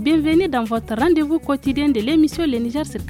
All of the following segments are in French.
bienvenue dans votre rendez-vous quotidien de l'émission Les Niger sur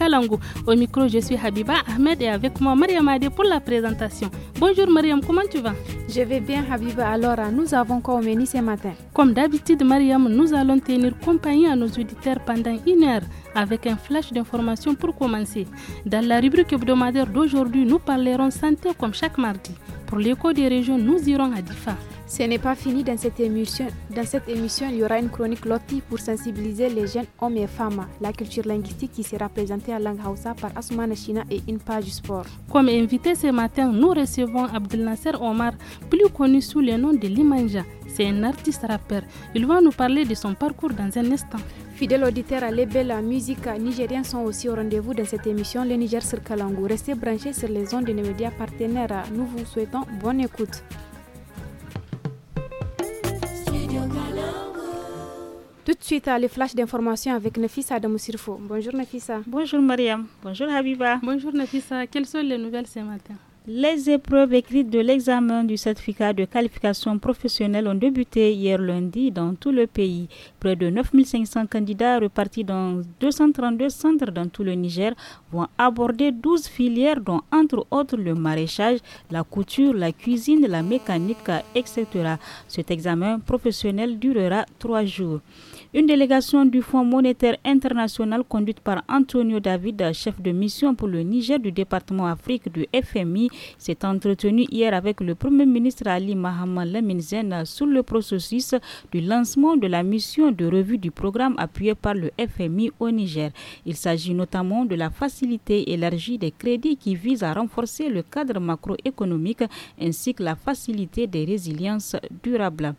Au micro, je suis Habiba Ahmed et avec moi Mariam Adé pour la présentation. Bonjour Mariam, comment tu vas Je vais bien Habiba. Alors, euh, nous avons quoi au menu ce matin Comme d'habitude Mariam, nous allons tenir compagnie à nos auditeurs pendant une heure avec un flash d'informations pour commencer. Dans la rubrique hebdomadaire d'aujourd'hui, nous parlerons santé comme chaque mardi. Pour l'écho des régions, nous irons à Difa. Ce n'est pas fini dans cette émission. Dans cette émission, il y aura une chronique loti pour sensibiliser les jeunes hommes et femmes. La culture linguistique qui sera présentée à Langhausa par Asuma China et une sport. Comme invité ce matin, nous recevons Abdel Nasser Omar, plus connu sous le nom de Limanja. C'est un artiste rappeur. Il va nous parler de son parcours dans un instant. Fidèles auditeurs, les belles musique nigériennes sont aussi au rendez-vous dans cette émission Le Niger sur Kalangou. Restez branchés sur les ondes de nos médias partenaires. Nous vous souhaitons bonne écoute. Tout de suite, les flashs d'informations avec Nefissa Adamoussirfo. Bonjour Nafisa. Bonjour Mariam. Bonjour Habiba. Bonjour Nefissa. Quelles sont les nouvelles ce matin les épreuves écrites de l'examen du certificat de qualification professionnelle ont débuté hier lundi dans tout le pays. Près de 9500 candidats repartis dans 232 centres dans tout le Niger vont aborder 12 filières dont entre autres le maraîchage, la couture, la cuisine, la mécanique, etc. Cet examen professionnel durera trois jours. Une délégation du Fonds monétaire international conduite par Antonio David, chef de mission pour le Niger du département Afrique du FMI, s'est entretenue hier avec le Premier ministre Ali Mohamed Leminzen sur le processus du lancement de la mission de revue du programme appuyé par le FMI au Niger. Il s'agit notamment de la facilité élargie des crédits qui vise à renforcer le cadre macroéconomique ainsi que la facilité des résiliences durables.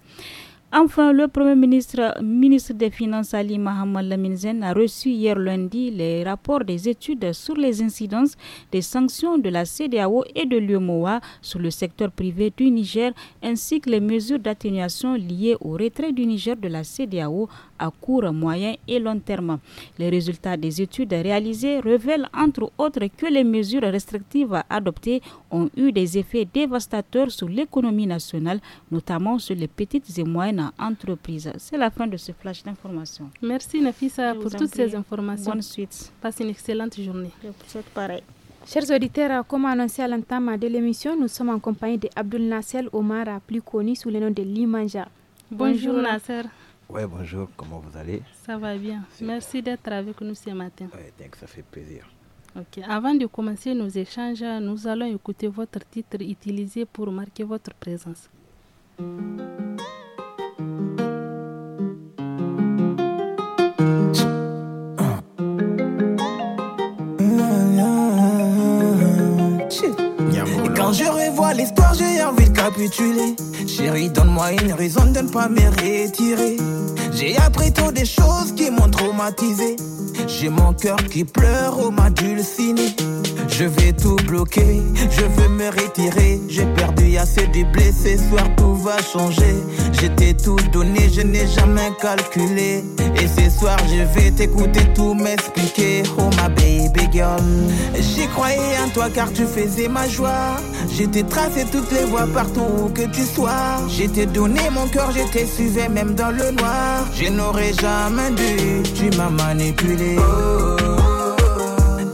Enfin, le Premier ministre, ministre des Finances Ali Mohamed Laminzen a reçu hier lundi les rapports des études sur les incidences des sanctions de la CDAO et de l'UMOA sur le secteur privé du Niger ainsi que les mesures d'atténuation liées au retrait du Niger de la CDAO à court, moyen et long terme. Les résultats des études réalisées révèlent entre autres que les mesures restrictives adoptées ont eu des effets dévastateurs sur l'économie nationale, notamment sur les petites et moyennes entreprises. C'est la fin de ce flash d'information. Merci Nafisa pour toutes ces informations. Bonne suite. Passe une excellente journée. Je pareil. Chers auditeurs, comme annoncé à l'entame de l'émission, nous sommes en compagnie de Nasser Omar, plus connu sous le nom de Limanja. Bonjour, Bonjour Nasser. Oui, bonjour, comment vous allez Ça va bien. Merci d'être avec nous ce matin. Oui, ça fait plaisir. Ok, avant de commencer nos échanges, nous allons écouter votre titre utilisé pour marquer votre présence. Quand je revois l'histoire, j'ai envie de capituler. Chérie, donne-moi une raison de ne pas me retirer. J'ai appris trop des choses qui m'ont traumatisé. J'ai mon cœur qui pleure au m'a Je vais tout bloquer, je veux me retirer. J'ai perdu assez de blessés, soir tout va changer. J'étais tout donné, je n'ai jamais calculé. Et ce soir, je vais t'écouter tout m'expliquer. Oh ma baby girl, J'y croyais en toi car tu faisais ma joie. J'étais tracé toutes les voies partout où que tu sois. J'étais donné mon cœur, j'étais suivi même dans le noir. Je n'aurais jamais dû, tu m'as manipulé.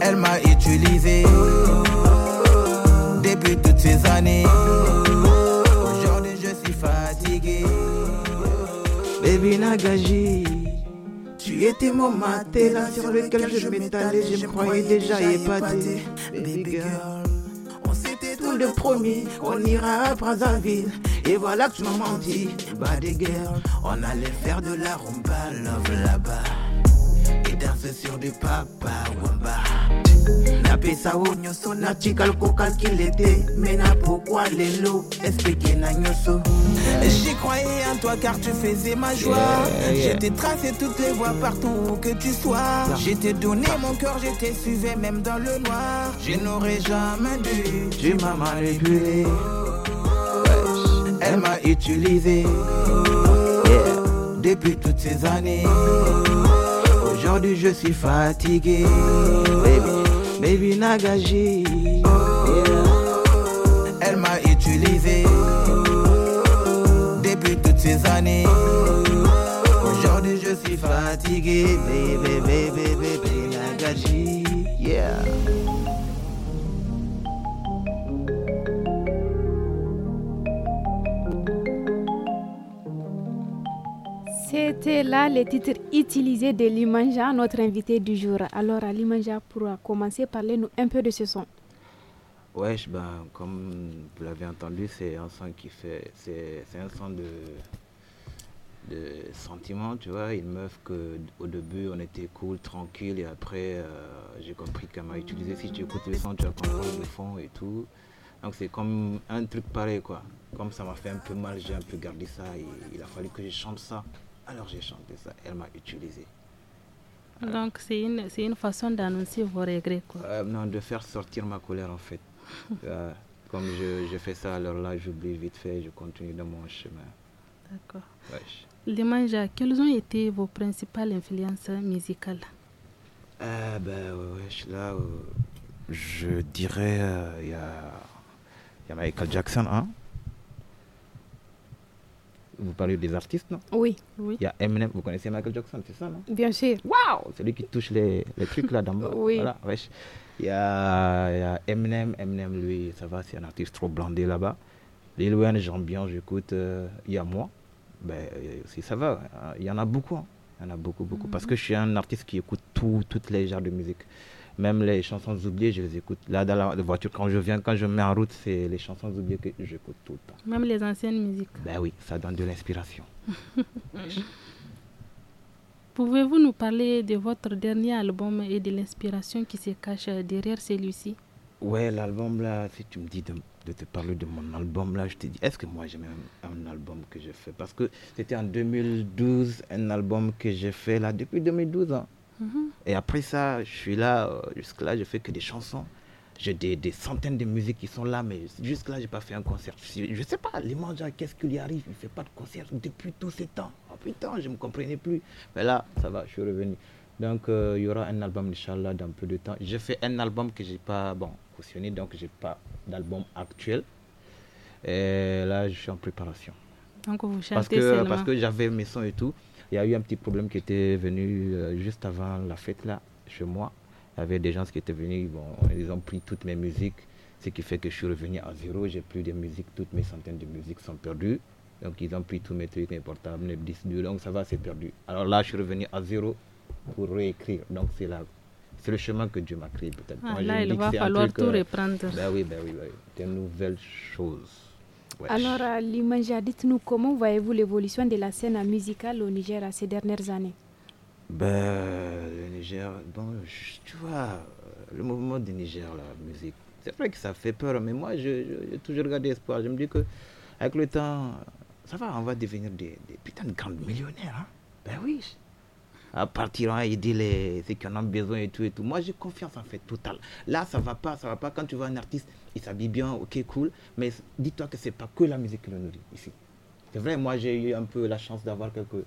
elle m'a utilisé. Depuis toutes ces années, aujourd'hui je suis fatigué. Baby Nagaji. Tu étais mon matelas sur lequel je m'étalais, je me croyais déjà épaté. Baby girl promis, on ira à Brazzaville. Et voilà que tu m'as menti, bah des guerres, on allait faire de la rumba love là-bas. Et danser sur du papa wamba. J'ai oyo J'y croyais en toi car tu faisais ma joie. J'étais tracé toutes les voies partout où que tu sois. Je t'ai donné mon cœur, J'étais t'ai suivi même dans le noir. Je n'aurais jamais dû, tu m'as manipulé. Elle m'a utilisé. Depuis toutes ces années, aujourd'hui je suis fatigué. Baby n'a oh. Elle m'a utilisé depuis toutes ces années. Aujourd'hui je suis fatigué. Baby, baby, baby, baby Yeah. C'était là les titres utilisés de Limanja, notre invité du jour. Alors, Limanja, pour commencer, parlez-nous un peu de ce son. Ouais, ben, comme vous l'avez entendu, c'est un son qui fait. C'est un son de, de sentiment, tu vois. Une meuf qu'au début, on était cool, tranquille, et après, euh, j'ai compris qu'elle m'a utilisé. Si tu écoutes le son, tu as comprendre le fond et tout. Donc, c'est comme un truc pareil, quoi. Comme ça m'a fait un peu mal, j'ai un peu gardé ça il a fallu que je chante ça. Alors j'ai chanté ça, elle m'a utilisé. Euh. Donc c'est une, façon d'annoncer vos regrets. Quoi. Euh, non, de faire sortir ma colère en fait. Euh, comme je, fais ça, alors là j'oublie vite fait, je continue dans mon chemin. D'accord. Les manjas, quelles ont été vos principales influences musicales ben, là, je dirais, il y, a, y a Michael Jackson, hein vous parlez des artistes, non Oui, oui. Il y a Eminem, vous connaissez Michael Jackson, c'est ça, non Bien sûr. Waouh lui qui touche les, trucs là dedans oui. Voilà, Il y, a, il y a Eminem, Eminem, lui, ça va, c'est un artiste trop blandé là-bas. Lil Wayne, j'aime j'écoute. Euh, il y a moi, ben, si ça va. Hein, il y en a beaucoup, hein. il y en a beaucoup, beaucoup. Mm-hmm. Parce que je suis un artiste qui écoute tous toutes les genres de musique. Même les chansons oubliées, je les écoute. Là, dans la voiture, quand je viens, quand je mets en route, c'est les chansons oubliées que j'écoute tout le temps. Même les anciennes musiques. Ben oui, ça donne de l'inspiration. Pouvez-vous nous parler de votre dernier album et de l'inspiration qui se cache derrière celui-ci Ouais, l'album là, si tu me dis de, te parler de mon album là, je te dis, est-ce que moi j'ai un, album que j'ai fait Parce que c'était en 2012, un album que j'ai fait là depuis 2012. Hein. Mm-hmm. Et après ça, je suis là, euh, jusque-là, je fais que des chansons. J'ai des, centaines de musiques qui sont là, mais jusque-là, je n'ai pas fait un concert. Je ne sais pas, les mangas, qu'est-ce qu'il lui arrive Il ne fait pas de concert depuis tous ces temps. Oh putain, je ne me comprenais plus. Mais là, ça va, je suis revenu. Donc, euh, il y aura un album, Inch'Allah, dans peu de temps. Je fais un album que je n'ai pas bon, cautionné, donc je n'ai pas d'album actuel. Et là, je suis en préparation. Donc, vous chantez Parce que, euh, parce que j'avais mes sons et tout. Il y a eu un petit problème qui était venu euh, juste avant la fête là, chez moi. Il y avait des gens qui étaient venus, bon, ils ont pris toutes mes musiques, ce qui fait que je suis revenu à zéro, j'ai plus de musiques. toutes mes centaines de musiques sont perdues. Donc ils ont pris tous mes trucs, mes portables, mes disques donc ça va, c'est perdu. Alors là, je suis revenu à zéro pour réécrire. Donc c'est là. C'est le chemin que Dieu m'a créé peut-être. Ah, là, il va falloir tout euh, reprendre. Ben oui, ben oui, oui. Des nouvelles choses. Alors, euh, Limanja, euh, dites-nous comment voyez-vous l'évolution de la scène musicale au Niger à euh, ces dernières années ben, Le Niger, tu vois, le mouvement du Niger, la musique, c'est vrai que ça fait peur, mais moi, j'ai je, toujours gardé espoir. Je me dis que avec le temps, ça va, on va devenir des, des putains de grandes millionnaires. Hein. Ben oui. À partir à les, ceux qui en ont besoin et tout et tout. Moi, j'ai confiance en fait, total Là, ça va pas, ça va pas. Quand tu vois un artiste il s'habille bien, ok, cool. Mais dis-toi que ce n'est pas que la musique qui le nourrit ici. C'est vrai, moi j'ai eu un peu la chance d'avoir quelques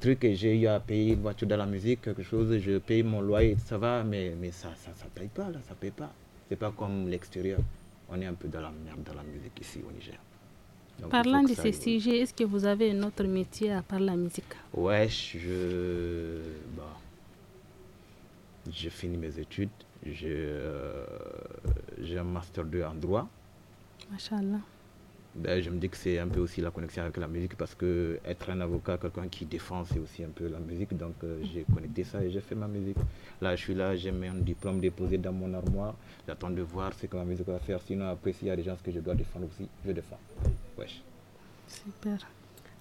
trucs et j'ai eu à payer une voiture dans la musique, quelque chose, je paye mon loyer, ça va, mais, mais ça, ça, paye pas là, ça paye pas. C'est pas comme l'extérieur. On est un peu dans la merde dans la musique ici au Niger. Parlant de ces sujets, est-ce que vous avez un autre métier à part la musique Ouais, je. Bon. Bah, je finis mes études euh, j'ai un master 2 en droit. je me dis que c'est un peu aussi la connexion avec la musique parce que être un avocat, quelqu'un qui défend, c'est aussi un peu la musique. Donc euh, j'ai connecté ça et j'ai fait ma musique. Là, je suis là, j'ai mis un diplôme déposé dans mon armoire. J'attends de voir ce que ma musique va faire. Sinon, après, s'il y a des gens que je dois défendre aussi, je défends. Wesh. Super.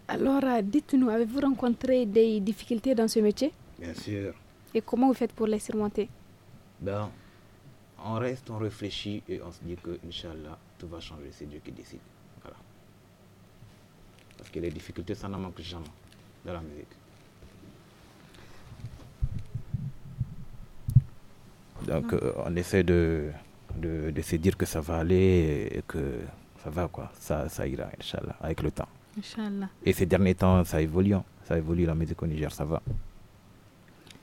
Alors, euh, dites-nous, avez-vous rencontré des difficultés dans ce métier Bien sûr. Et comment vous faites pour les surmonter ben, on reste, on réfléchit et on se dit que, Inch'Allah, tout va changer. C'est Dieu qui décide. Voilà. Parce que les difficultés, ça n'en manque jamais dans la musique. Donc, euh, on essaie de, de, se dire que ça va aller et que ça va, quoi. Ça, ça ira, Inch'Allah, avec le temps. Inch'Allah. Et ces derniers temps, ça évolue. Hein. Ça évolue la musique au Niger, ça va.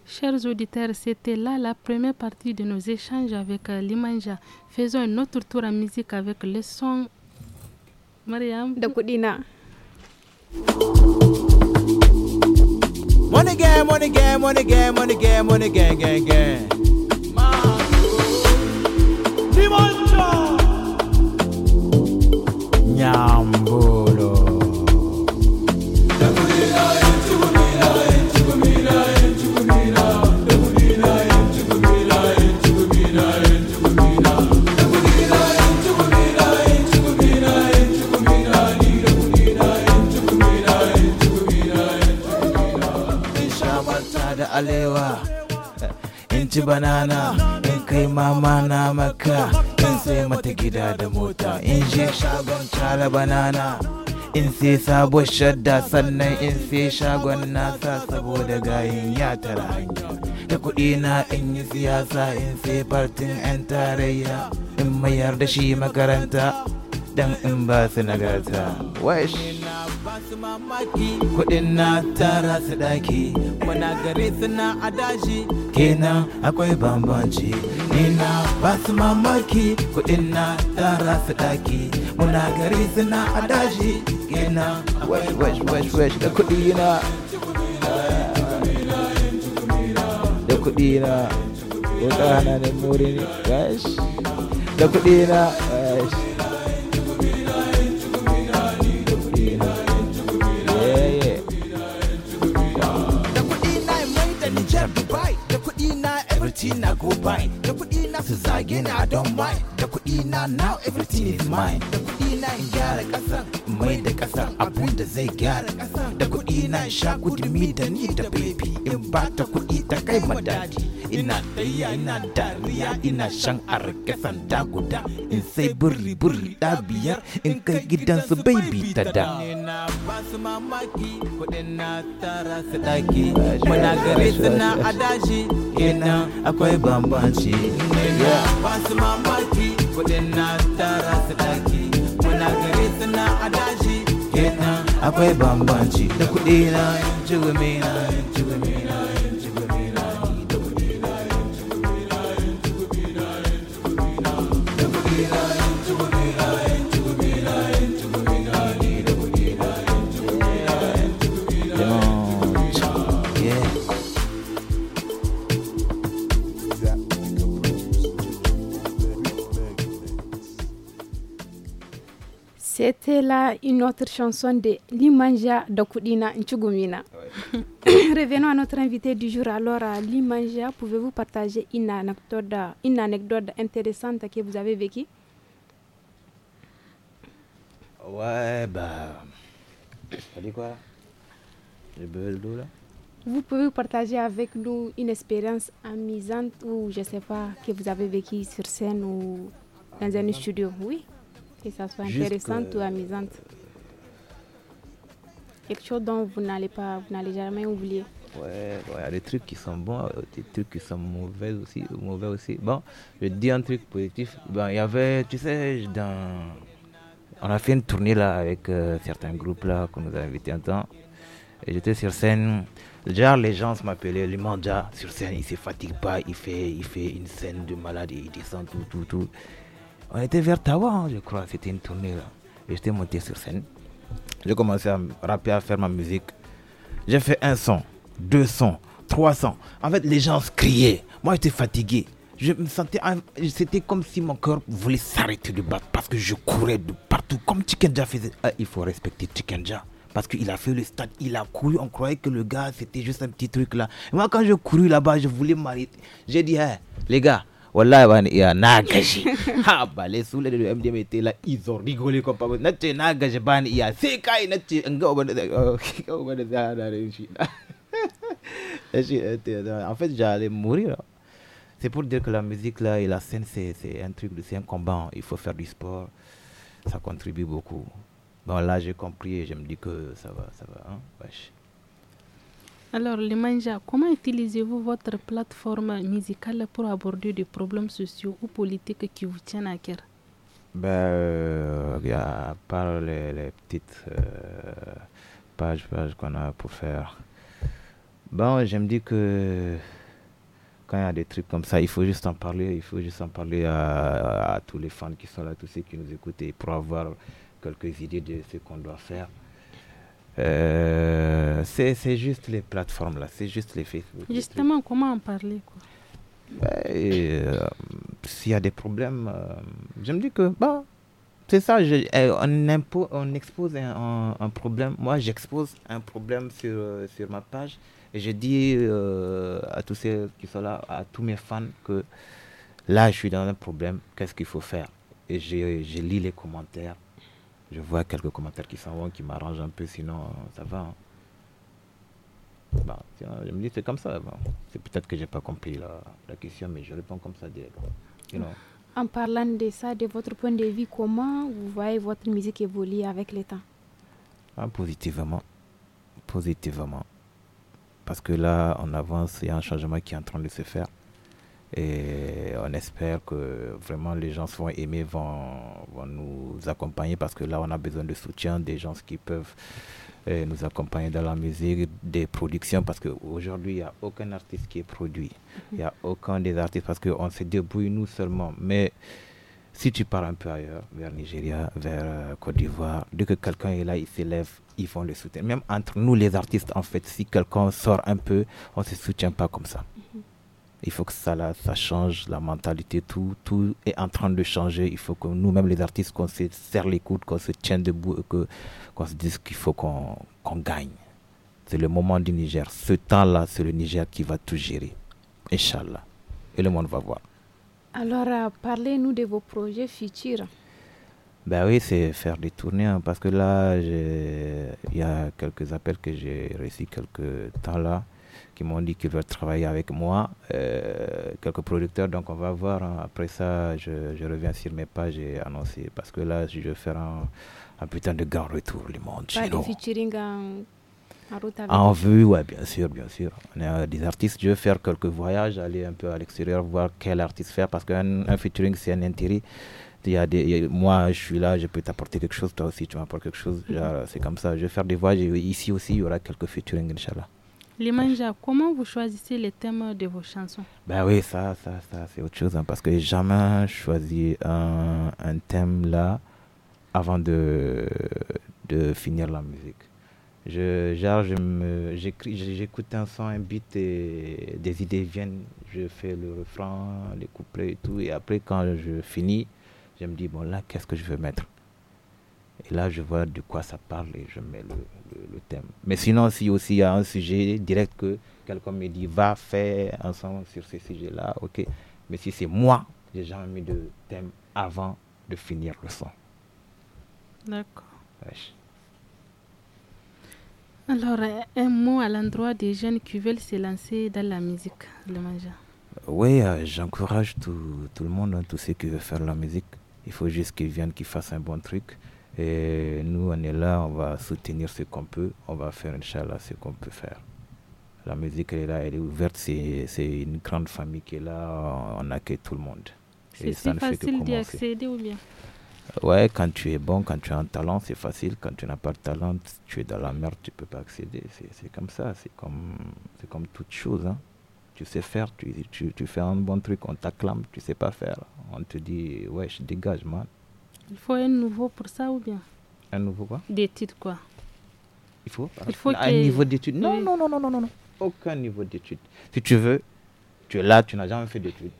Chers auditeurs, c'était là la première partie de nos échanges avec euh, Limanja. Faisons un autre tour en musique avec le son Mariam. Dakudina. Money gang, money gang, money gang, money gang, money again, again, gang. Dimanche. Nyam. ci banana in kai mama na maka in sai mata gida da mota in je shagon cala banana in sai sabon shadda sannan in sai shagon nasa saboda gayin ya tara hanya da kuɗi na in yi siyasa in sai fartin 'yan tarayya in mayar da shi makaranta dan in ba su nagarta wesh mamaki kudin na tara su daki wana gare suna adashi kenan akwai bambanci nina ba su mamaki kudin na tara su daki muna gare suna adashi kenan wash wash wash wash da kudi na da kudi na ko ta hana ne mori ne gash da kudi na everything go buy. Da na su zage ni I don't Da kuɗi na now everything is mine. Da kuɗi na in gyara kasa mai da kasa abun da zai gyara kasa Da kuɗi sha gudumi da ni da baby. In ba ta kuɗi ta kai madadi. ina daya ina dariya ina shan arke sanda in sai buri buri da biyar in kai gidansu bai bi ta da basu mamaki kudin na tara su daki muna gare suna adashi kenan akwai bambanci basu mamaki kudin na tara su daki muna gare suna adashi kenan akwai bambanci da kudi na in na in na C'était là une autre chanson de Limanja Dokudina Nchugumina. Revenons à notre invité du jour. Alors, euh, Limanja, pouvez-vous partager une anecdote, intéressante que vous avez vécue Ouais, bah. quoi le là Vous pouvez partager avec nous une expérience amusante ou je sais pas, que vous avez vécue sur scène ou dans un studio, oui que ça soit intéressante ou amusante. Quelque chose dont vous n'allez pas, vous n'allez jamais oublier. Ouais, il y a des trucs qui sont bons, euh, des trucs qui sont mauvais aussi, mauvais aussi. Bon, je dis un truc positif. il y avait, tu sais, dans... on a fait une tournée là avec euh, certains groupes là qu'on nous a invités un temps. Et j'étais sur scène. Déjà, les gens m'appelaient, le manja sur scène, il se fatigue pas, il fait, il fait une scène de malade, et il descend tout, tout, tout. On était vers Tawa, hein, je crois. C'était une tournée. là. J'étais monté sur scène. J'ai commencé à rapper, à faire ma musique. J'ai fait un son, deux sons, trois sons. En fait, les gens se criaient. Moi, j'étais fatigué. Je me sentais. C'était comme si mon corps voulait s'arrêter de battre parce que je courais de partout. Comme Chikenja faisait. Ah, il faut respecter Chikenja parce qu'il a fait le stade, il a couru, on croyait que le gars c'était juste un petit truc là. moi quand je couru là-bas, je voulais m'arrêter. J'ai dit, hein, les gars, wallahi ba iya na gaji ha ba lai da MD mai tela izo rigole ko pa na ce na gaji bani iya sai kai na ce in ga uban da ga uban da za da shi eh, en fait j'allais mourir c'est pour dire que la musique là et la scène c'est c'est un truc c'est un combat hein. il faut faire du sport ça contribue beaucoup bon là j'ai compris et je me dis que ça va ça va hein? Wesh. Alors, les manjas, comment utilisez-vous votre plateforme musicale pour aborder des problèmes sociaux ou politiques qui vous tiennent à cœur ben, euh, y a, les, petites euh, pages, qu'on a pour faire, bon, j'aime dire que quand il y a des trucs comme ça, il faut juste en parler, il faut juste en parler à, tous les fans qui sont là, tous ceux qui nous écoutent, pour avoir quelques idées de ce qu'on doit faire. Euh, c'est juste les plateformes là, c'est juste les Facebook. Justement, comment en parler quoi ben, euh, S'il y a des problèmes, euh, je me dis que bah, c'est ça, on, expose un, un problème. Moi, j'expose un problème sur, sur ma page et je dis à tous ceux qui sont là, à tous mes fans, que là, je suis dans un problème, qu'est-ce qu'il faut faire Et je, je lis les commentaires je vois quelques commentaires qui s'en vont, qui m'arrangent un peu, sinon euh, ça va. Hein. tiens, je me dis c'est comme ça. C'est peut-être que je n'ai pas compris la, question, mais je réponds comme ça en parlant de ça, de votre point de vue, comment vous voyez votre musique évoluer avec le temps ah, Positivement. Positivement. Parce que là, on avance, il y a un changement qui est en train de se faire. Et on espère que vraiment les gens vont aimés vont, nous accompagner parce que là, on a besoin de soutien des gens qui peuvent eh, nous accompagner dans la musique, des productions, parce qu'aujourd'hui, il n'y a aucun artiste qui est produit. Il n'y a aucun des artistes parce qu'on se débrouille nous seulement. Mais si tu pars un peu ailleurs, vers Nigeria, vers euh, Côte d'Ivoire, dès que quelqu'un est là, il s'élève, ils vont le soutien, Même entre nous, les artistes, en fait, si quelqu'un sort un peu, on ne se soutient pas comme ça. Il faut que ça, là, ça change la mentalité. Tout, tout est en train de changer. Il faut que nous-mêmes, les artistes, qu'on se serre les coudes, qu'on se tienne debout, qu'on se dise qu'il faut qu'on gagne. C'est le moment du Niger. Ce temps-là, c'est le Niger qui va tout gérer. Inch'Allah. Et le monde va voir. Alors, euh, parlez-nous de vos projets futurs. Ben oui, c'est faire des tournées, hein, parce que là, il y a quelques appels que j'ai reçus quelques temps là qui m'ont dit qu'ils veulent travailler avec moi, euh, quelques producteurs. Donc on va voir. Hein. Après ça, je, reviens sur mes pages et annoncer. Parce que là, je vais faire un, putain de grand retour, le monde. featuring en, En vue, ouais, bien sûr, bien sûr. On est euh, des artistes. Je vais faire quelques voyages, aller un peu à l'extérieur, voir quel artiste faire. Parce qu'un un featuring, c'est un intérêt. Il a des, moi, je suis là, je peux t'apporter quelque chose. Toi aussi, tu m'apportes quelque chose. Mm-hmm. C'est comme ça. Je vais faire des voyages. Ici aussi, il y aura quelques featuring, Inch'Allah. Les comment vous choisissez les thèmes de vos chansons Ben oui, ça, ça, ça c'est autre chose. Hein, parce que jamais choisi un, un thème là avant de, de finir la musique. Je, genre, je j'écoute un son, un beat, et des idées viennent, je fais le refrain, les couplets et tout. Et après, quand je finis, je me dis, bon, là, qu'est-ce que je veux mettre et là, je vois de quoi ça parle et je mets le, le, thème. Mais sinon, si aussi il y a un sujet direct que quelqu'un me dit, va faire ensemble sur ce sujet-là, ok. Mais si c'est moi, j'ai jamais mis de thème avant de finir le son. D'accord. Alors, un mot à l'endroit des jeunes qui veulent se lancer dans la musique, le major Oui, euh, j'encourage tout, tout, le monde, hein, tous ceux qui veulent faire la musique. Il faut juste qu'ils viennent, qu'ils fassent un bon truc. Et nous, on est là, on va soutenir ce qu'on peut, on va faire, à ce qu'on peut faire. La musique, elle est là, elle est ouverte, c'est une grande famille qui est là, on accueille tout le monde. C'est si facile d'y accéder ou bien Ouais, quand tu es bon, quand tu as un talent, c'est facile. Quand tu n'as pas de talent, tu es dans la merde, tu ne peux pas accéder. C'est comme ça, c'est comme, comme toute chose. Hein. Tu sais faire, tu, tu, tu, fais un bon truc, on t'acclame, tu sais pas faire. On te dit, ouais je dégage, man. Il faut un nouveau pour ça ou bien Un nouveau quoi D'études quoi. Il faut, Il faut un niveau d'études. Non, non, non, non, non, non. Aucun niveau d'études. Si tu veux, tu es là, tu n'as jamais fait d'études.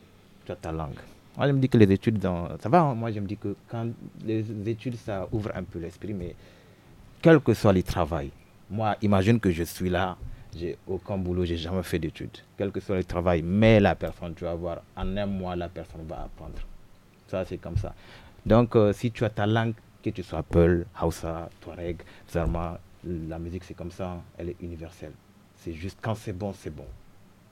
Tu as ta langue. Moi, je me dis que les études, dans... ça va. Hein. Moi, je me dis que quand les études, ça ouvre un peu l'esprit, mais quel que soit le travail, moi, imagine que je suis là, j'ai aucun boulot, j'ai jamais fait d'études. Quel que soit le travail, mais la personne, tu vas voir, en un mois, la personne va apprendre. Ça, c'est comme ça. Donc, euh, si tu as ta langue, que tu sois Peul, Hausa, Touareg, Zarma, la musique, c'est comme ça, elle est universelle. C'est juste quand c'est bon, c'est bon.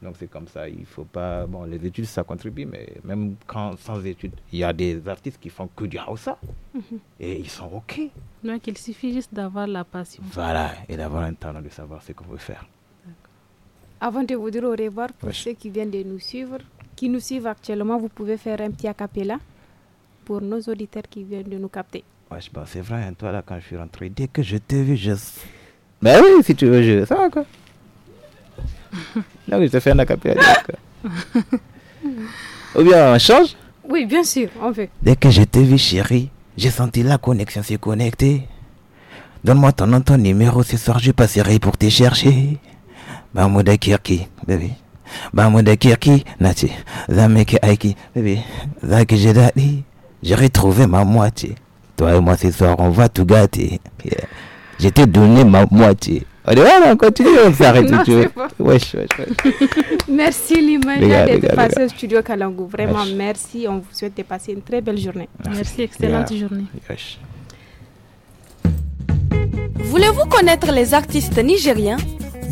Donc, c'est comme ça, il faut pas. Bon, les études, ça contribue, mais même quand, sans études, il y a des artistes qui font que du Hausa. Mhm. Et ils sont OK. Donc, il suffit juste d'avoir la passion. Voilà, et d'avoir un talent de savoir ce qu'on veut faire. Avant de vous dire au revoir, pour ceux qui viennent de nous suivre, qui nous suivent actuellement, vous pouvez faire un petit acapella pour nos auditeurs qui viennent de nous capter. Ouais, bah, c'est vrai, hein, toi là, quand je suis rentré, dès que je t'ai vu, je. Ben oui, si tu veux, je. Ça va quoi. Donc je te fais un d'accord. Ou bien on change Oui, bien sûr, on veut. Dès que je t'ai vu, chérie, j'ai senti la connexion se connecter Donne-moi ton nom, ton numéro, ce soir je passerai pour te chercher. Bah Kirki, bébé. Bamouda Kirki, Nati. Zameke Aiki, baby. Jedadi j'ai retrouvé ma moitié. Toi et moi ce soir, on va tout gâter. J'étais donné ma moitié. On on continue, on s'arrête tout de Wesh, Merci Limania d'être passé au studio Kalangu. Vraiment, merci. On vous souhaite de passer une très belle journée. Merci, excellente journée. Voulez-vous connaître les artistes nigériens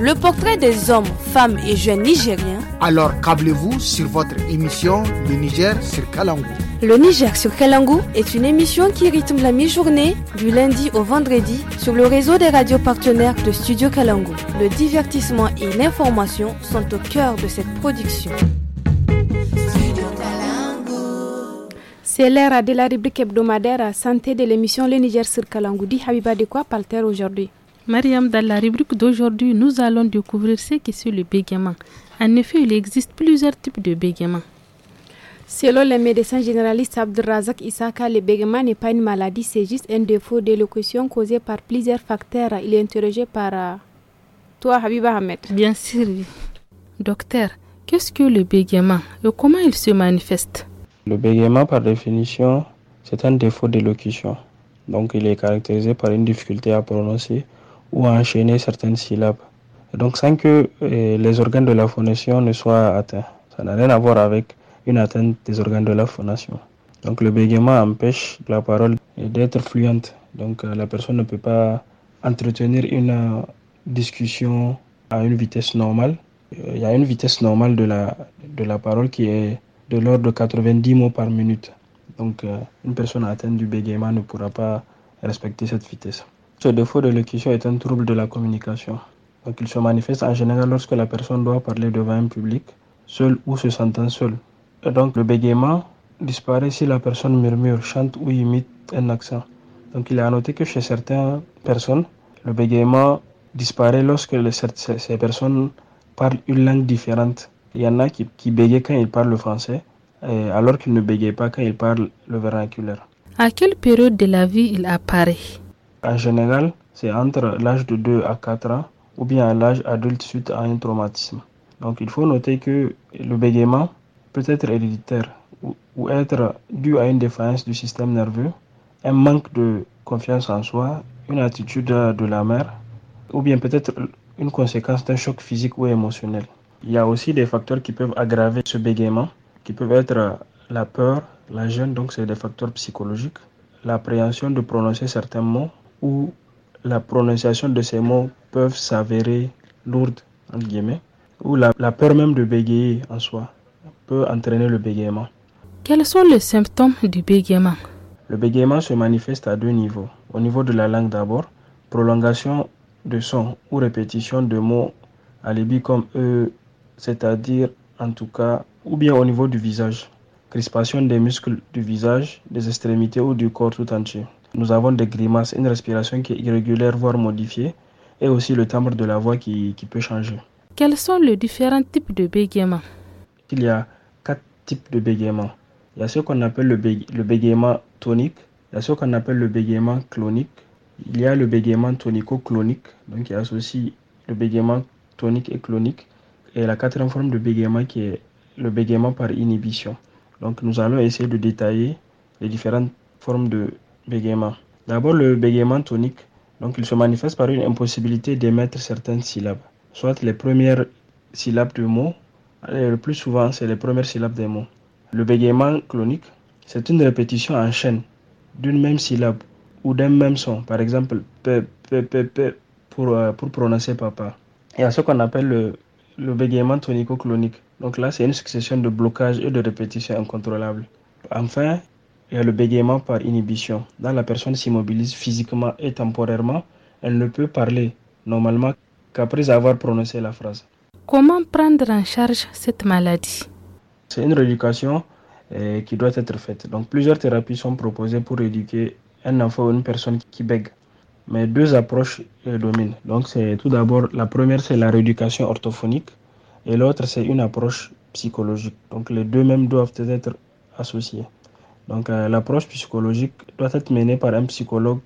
le portrait des hommes, femmes et jeunes nigériens. Alors câblez-vous sur votre émission Le Niger sur Kalangou. Le Niger sur Kalangou est une émission qui rythme la mi-journée du lundi au vendredi sur le réseau des radios partenaires de Studio Kalangou. Le divertissement et l'information sont au cœur de cette production. C'est l'ère de la rubrique hebdomadaire à santé de l'émission Le Niger sur Kalangou. Dit Habiba de quoi parle-t-elle aujourd'hui Mariam, dans la rubrique d'aujourd'hui, nous allons découvrir ce qu'est le bégaiement. En effet, il existe plusieurs types de bégaiement. Selon le médecin généraliste Abdelrazak Isaka, le bégaiement n'est pas une maladie, c'est juste un défaut d'élocution causé par plusieurs facteurs. Il est interrogé par euh, toi, Habiba Ahmed. Bien sûr. Docteur, qu'est-ce que le bégaiement et comment il se manifeste Le bégaiement, par définition, c'est un défaut d'élocution. Donc, il est caractérisé par une difficulté à prononcer ou à enchaîner certaines syllabes. Donc sans que eh, les organes de la phonation ne soient atteints. Ça n'a rien à voir avec une atteinte des organes de la phonation. Donc le bégaiement empêche la parole d'être fluente. Donc euh, la personne ne peut pas entretenir une euh, discussion à une vitesse normale. Euh, il y a une vitesse normale de la, de la parole qui est de l'ordre de 90 mots par minute. Donc une personne atteinte du bégaiement ne pourra pas respecter cette vitesse. Ce défaut de locution est un trouble de la communication. Donc il se manifeste en général lorsque la personne doit parler devant un public, seul ou se sentant seul. donc le bégaiement disparaît si la personne murmure, chante ou imite un accent. Donc il est à noter que chez certaines personnes, le bégaiement disparaît lorsque les, ces personnes parlent une langue différente. Il y en a qui, qui quand ils parlent le français, eh, alors qu'ils ne bégayent pas quand ils parlent le vernaculaire. À quelle période de la vie il apparaît en général, c'est entre l'âge de 2 à 4 ans ou bien à l'âge adulte suite à un traumatisme. Donc il faut noter que le bégaiement peut être héréditaire ou, être dû à une défaillance du système nerveux, un manque de confiance en soi, une attitude de la mère ou bien peut-être une conséquence d'un choc physique ou émotionnel. Il y a aussi des facteurs qui peuvent aggraver ce bégaiement, qui peuvent être la peur, la gêne, donc c'est des facteurs psychologiques, l'appréhension de prononcer certains mots où la prononciation de ces mots peuvent s'avérer lourde, en guillemets, ou la, peur même de bégayer en soi peut entraîner le bégaiement. Quels sont les symptômes du bégaiement Le bégaiement se manifeste à deux niveaux. Au niveau de la langue d'abord, prolongation de son ou répétition de mots alibis comme E, c'est-à-dire en tout cas, ou bien au niveau du visage, crispation des muscles du visage, des extrémités ou du corps tout entier. Nous avons des grimaces, une respiration qui est irrégulière, voire modifiée, et aussi le timbre de la voix qui, peut changer. Quels sont les différents types de bégaiement Il y a quatre types de bégaiement. Il y a ce qu'on appelle le, le bégaiement tonique, il y a ce qu'on appelle le bégaiement clonique, il y a le bégaiement tonico-clonique, donc il y a aussi le bégaiement tonique et clonique, et la quatrième forme de bégaiement qui est le bégaiement par inhibition. Donc nous allons essayer de détailler les différentes formes de bégaiement. D'abord le bégaiement tonique, donc il se manifeste par une impossibilité d'émettre certaines syllabes, soit les premières syllabes du mot, le plus souvent c'est les premières syllabes des mots. Le bégaiement clonique, c'est une répétition en chaîne d'une même syllabe ou d'un même son, par exemple p, pour, euh, pour prononcer papa. et à ce qu'on appelle le, le bégaiement tonico-clonique. Donc là, c'est une succession de blocages et de répétitions incontrôlables. Enfin, il y a le bégaiement par inhibition. Dans la personne s'immobilise physiquement et temporairement, elle ne peut parler normalement qu'après avoir prononcé la phrase. Comment prendre en charge cette maladie C'est une rééducation eh, qui doit être faite. Donc plusieurs thérapies sont proposées pour éduquer un enfant ou une personne qui bègue. Mais deux approches eh, dominent. Donc c'est tout d'abord la première c'est la rééducation orthophonique et l'autre c'est une approche psychologique. Donc les deux mêmes doivent être associés. Donc euh, l'approche psychologique doit être menée par un psychologue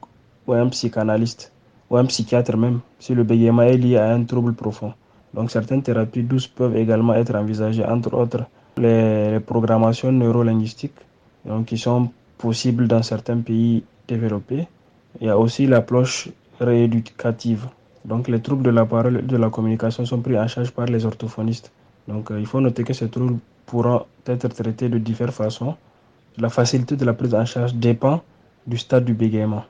ou un psychanalyste ou un psychiatre même si le bégaiement est lié à un trouble profond. Donc certaines thérapies douces peuvent également être envisagées, entre autres les, programmations neurolinguistiques donc, qui sont possibles dans certains pays développés. Il y a aussi l'approche rééducative. Donc les troubles de la parole et de la communication sont pris en charge par les orthophonistes. Donc euh, il faut noter que ces troubles pourront être traités de différentes façons la facilité de la prise en charge dépend du stade du bégaiement.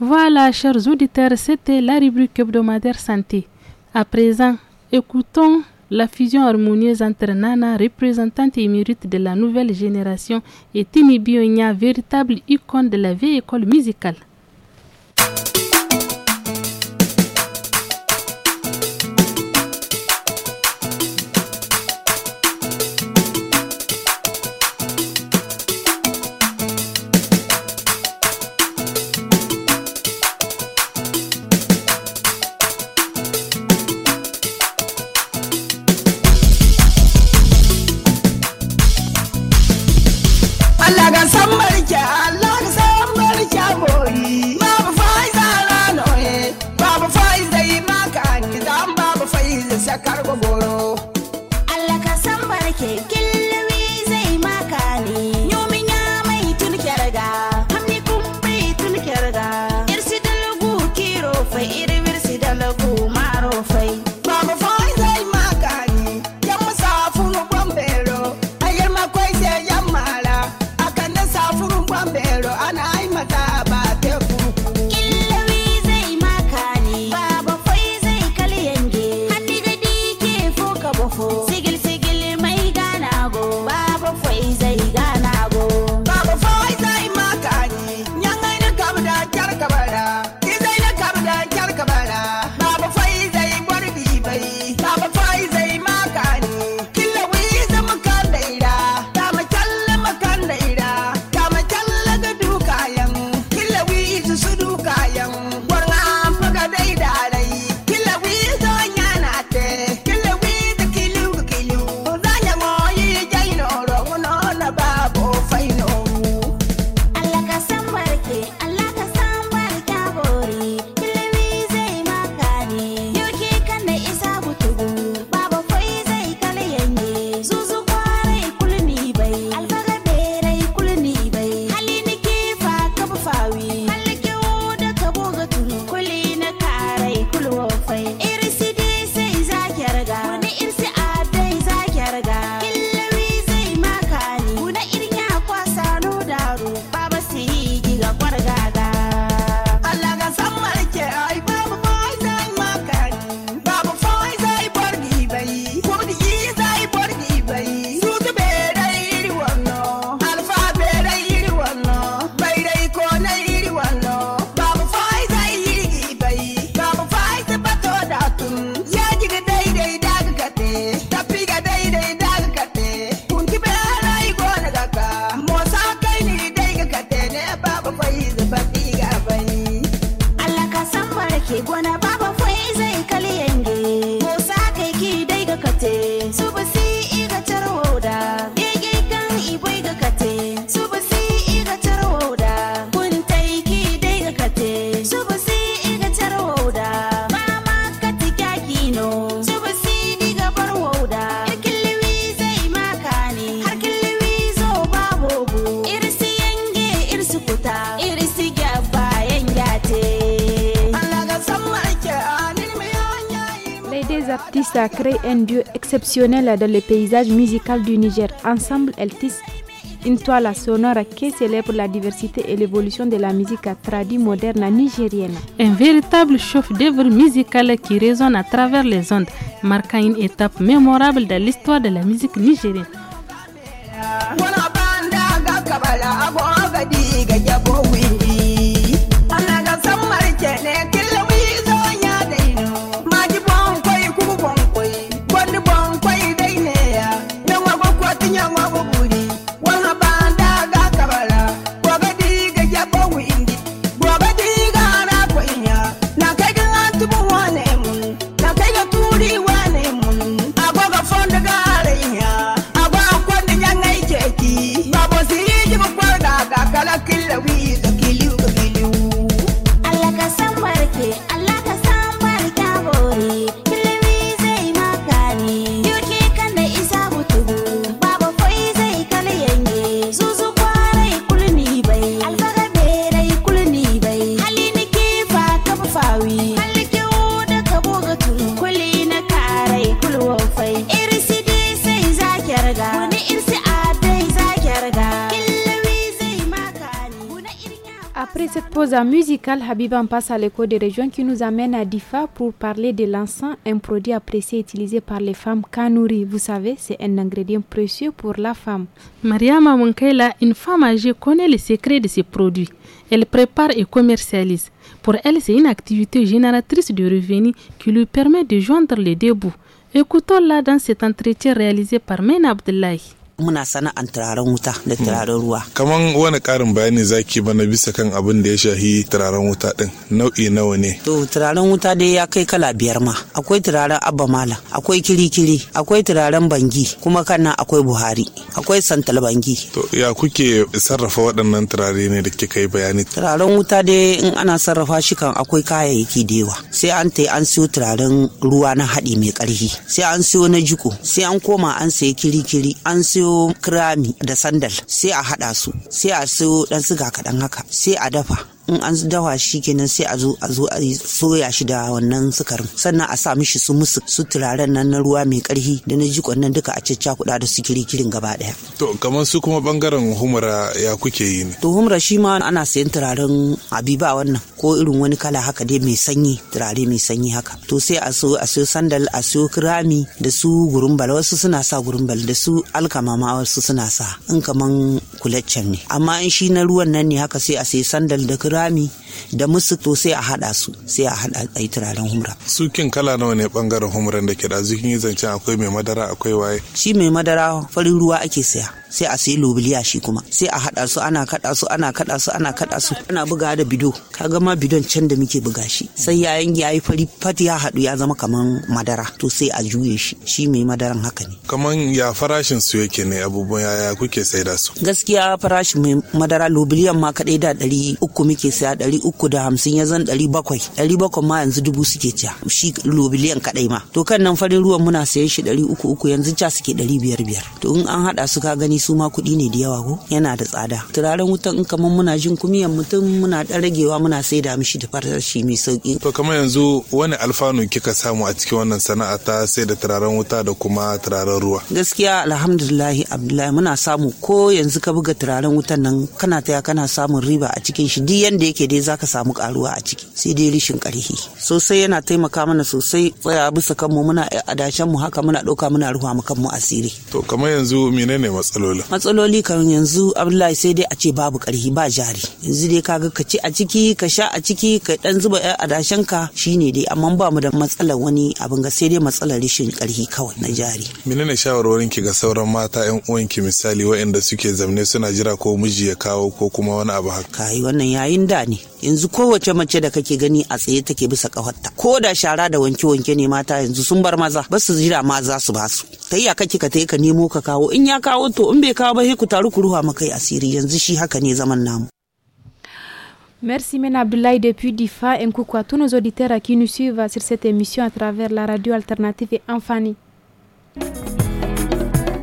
Voilà, chers auditeurs, c'était la rubrique hebdomadaire santé. À présent, écoutons la fusion harmonieuse entre Nana, représentante émérite de la nouvelle génération, et Timmy Bionia, véritable icône de la vieille école musicale. exceptionnelle dans le paysage musical du Niger. Ensemble, elles tissent une toile sonore qui célèbre la diversité et l'évolution de la musique traditionnelle moderne nigérienne. Un véritable chauffe dœuvre musical qui résonne à travers les ondes, marquant une étape mémorable dans l'histoire de la musique nigérienne. musicale, Habiba, passe à l'écho des régions qui nous amène à Difa pour parler de l'encens, un produit apprécié utilisé par les femmes Kanuri. Vous savez, c'est un ingrédient précieux pour la femme. Mariama Wankaila, une femme âgée, connaît les secrets de ces produits. Elle prépare et commercialise. Pour elle, c'est une activité génératrice de revenus qui lui permet de joindre les deux bouts. Écoutons-la dans cet entretien réalisé par Mena Abdullahi muna sana'an turaren wuta da turaren ruwa. Kaman wani karin bayani zaki bana bisa kan abin da ya shahi turaren wuta din nau'i nawa ne? To turaren wuta dai ya kai kala biyar ma. Akwai turaren abba akwai kirikiri, akwai turaren bangi, kuma kannan akwai buhari, akwai santal bangi. To ya kuke sarrafa waɗannan turare ne da kika yi bayani? Turaren wuta dai in ana sarrafa shi kan akwai kayayyaki da yawa. Sai an tai an turaren ruwa na haɗi mai ƙarfi, sai an siyo na jiko, sai an koma an kirami da sandal sai a hada su sai a so dan suga kadan haka sai a dafa in an dawa shi kenan sai a zo a zo a soya shi da wannan sukarin sannan a sa mishi su musu su turaren nan na ruwa mai karfi da na ji kwannan duka a kuda da su kirikirin gaba daya to kamar su kuma bangaren humra ya kuke yi ne to humra shi ma ana sayan turaren abiba wannan ko irin wani kala haka dai mai sanyi turare mai sanyi haka to sai a so a so sandal a so kirami da su gurumbal wasu suna sa gurumbal da su alkama ma wasu suna sa in kaman kulaccen ne amma in shi na ruwan nan ne haka sai a sayi sandal da kirami rani da musu to sai a haɗa su sai a haɗa a yi turaren humra. Sukin kala nawa ne bangaren humran da ke da zikin yi zancen akwai mai madara akwai waye. Shi mai madara farin ruwa ake saya. sai a sayi lobiliya shi kuma sai a haɗa su ana kaɗa su ana kaɗa su ana kaɗa su ana buga da bido ga ma bidon can da muke buga shi sai yayin ya yi fari fat ya haɗu ya zama kaman madara to sai a juye shi shi mai madaran haka ne kaman ya farashin su yake ne abubuwan yaya kuke saida su gaskiya farashin mai madara lobiliyan ma kaɗai da ɗari uku muke saya ɗari uku da hamsin ya zan ɗari bakwai ɗari bakwai ma yanzu dubu suke ca shi lobiliyan kaɗai ma to kan nan farin ruwan muna sayan shi ɗari uku uku yanzu ca suke ɗari biyar biyar to in an haɗa su ka gani su ma kuɗi ne da yawa ko yana da tsada turaren wutan in kamar muna jin kumiyan mutum muna ɗan ragewa muna da mishi da farashi mai sauƙi. to kamar yanzu wani alfanu kika samu a cikin wannan sana'a ta sai da turaren wuta da kuma turaren ruwa. gaskiya alhamdulillahi abdullahi muna samu ko yanzu ka buga turaren wutan nan kana taya kana samun riba a cikin shi duk yanda yake dai Za ka samu karuwa a ciki sai dai rishin karhi sosai yana taimaka mana sosai tsaya bisa kanmu muna adashen mu haka muna ɗauka muna ruwa mu kanmu asiri to kamar yanzu menene matsaloli matsaloli kan yanzu abdullahi sai dai a ce babu karhi ba jari yanzu dai kaga ka ci a ciki ka sha a ciki ka dan zuba yan adashen ka shine dai amma ba mu da matsalar wani abin ga sai dai matsalar rishin karhi kawai na jari menene shawarwarin ki ga sauran mata yan ki? misali waɗanda suke zamne suna jira ko miji ya kawo ko kuma wani abu haka kai wannan yayin da ne yanzu ko wace mace da kake gani a tsaye take bisa kafarta ko da shara da wanke-wanke ne mata yanzu sun bar maza ba su jira maza su ba su ta kake ka ta ka nemo ka kawo in ya kawo to in bai kawo ba sai ku taru ku ruha makai asiri yanzu shi haka ne zaman namu Merci Mena Abdoulaye depuis DIFA et coucou à tous nos auditeurs qui nous suivent sur cette émission à travers la radio alternative et Infani.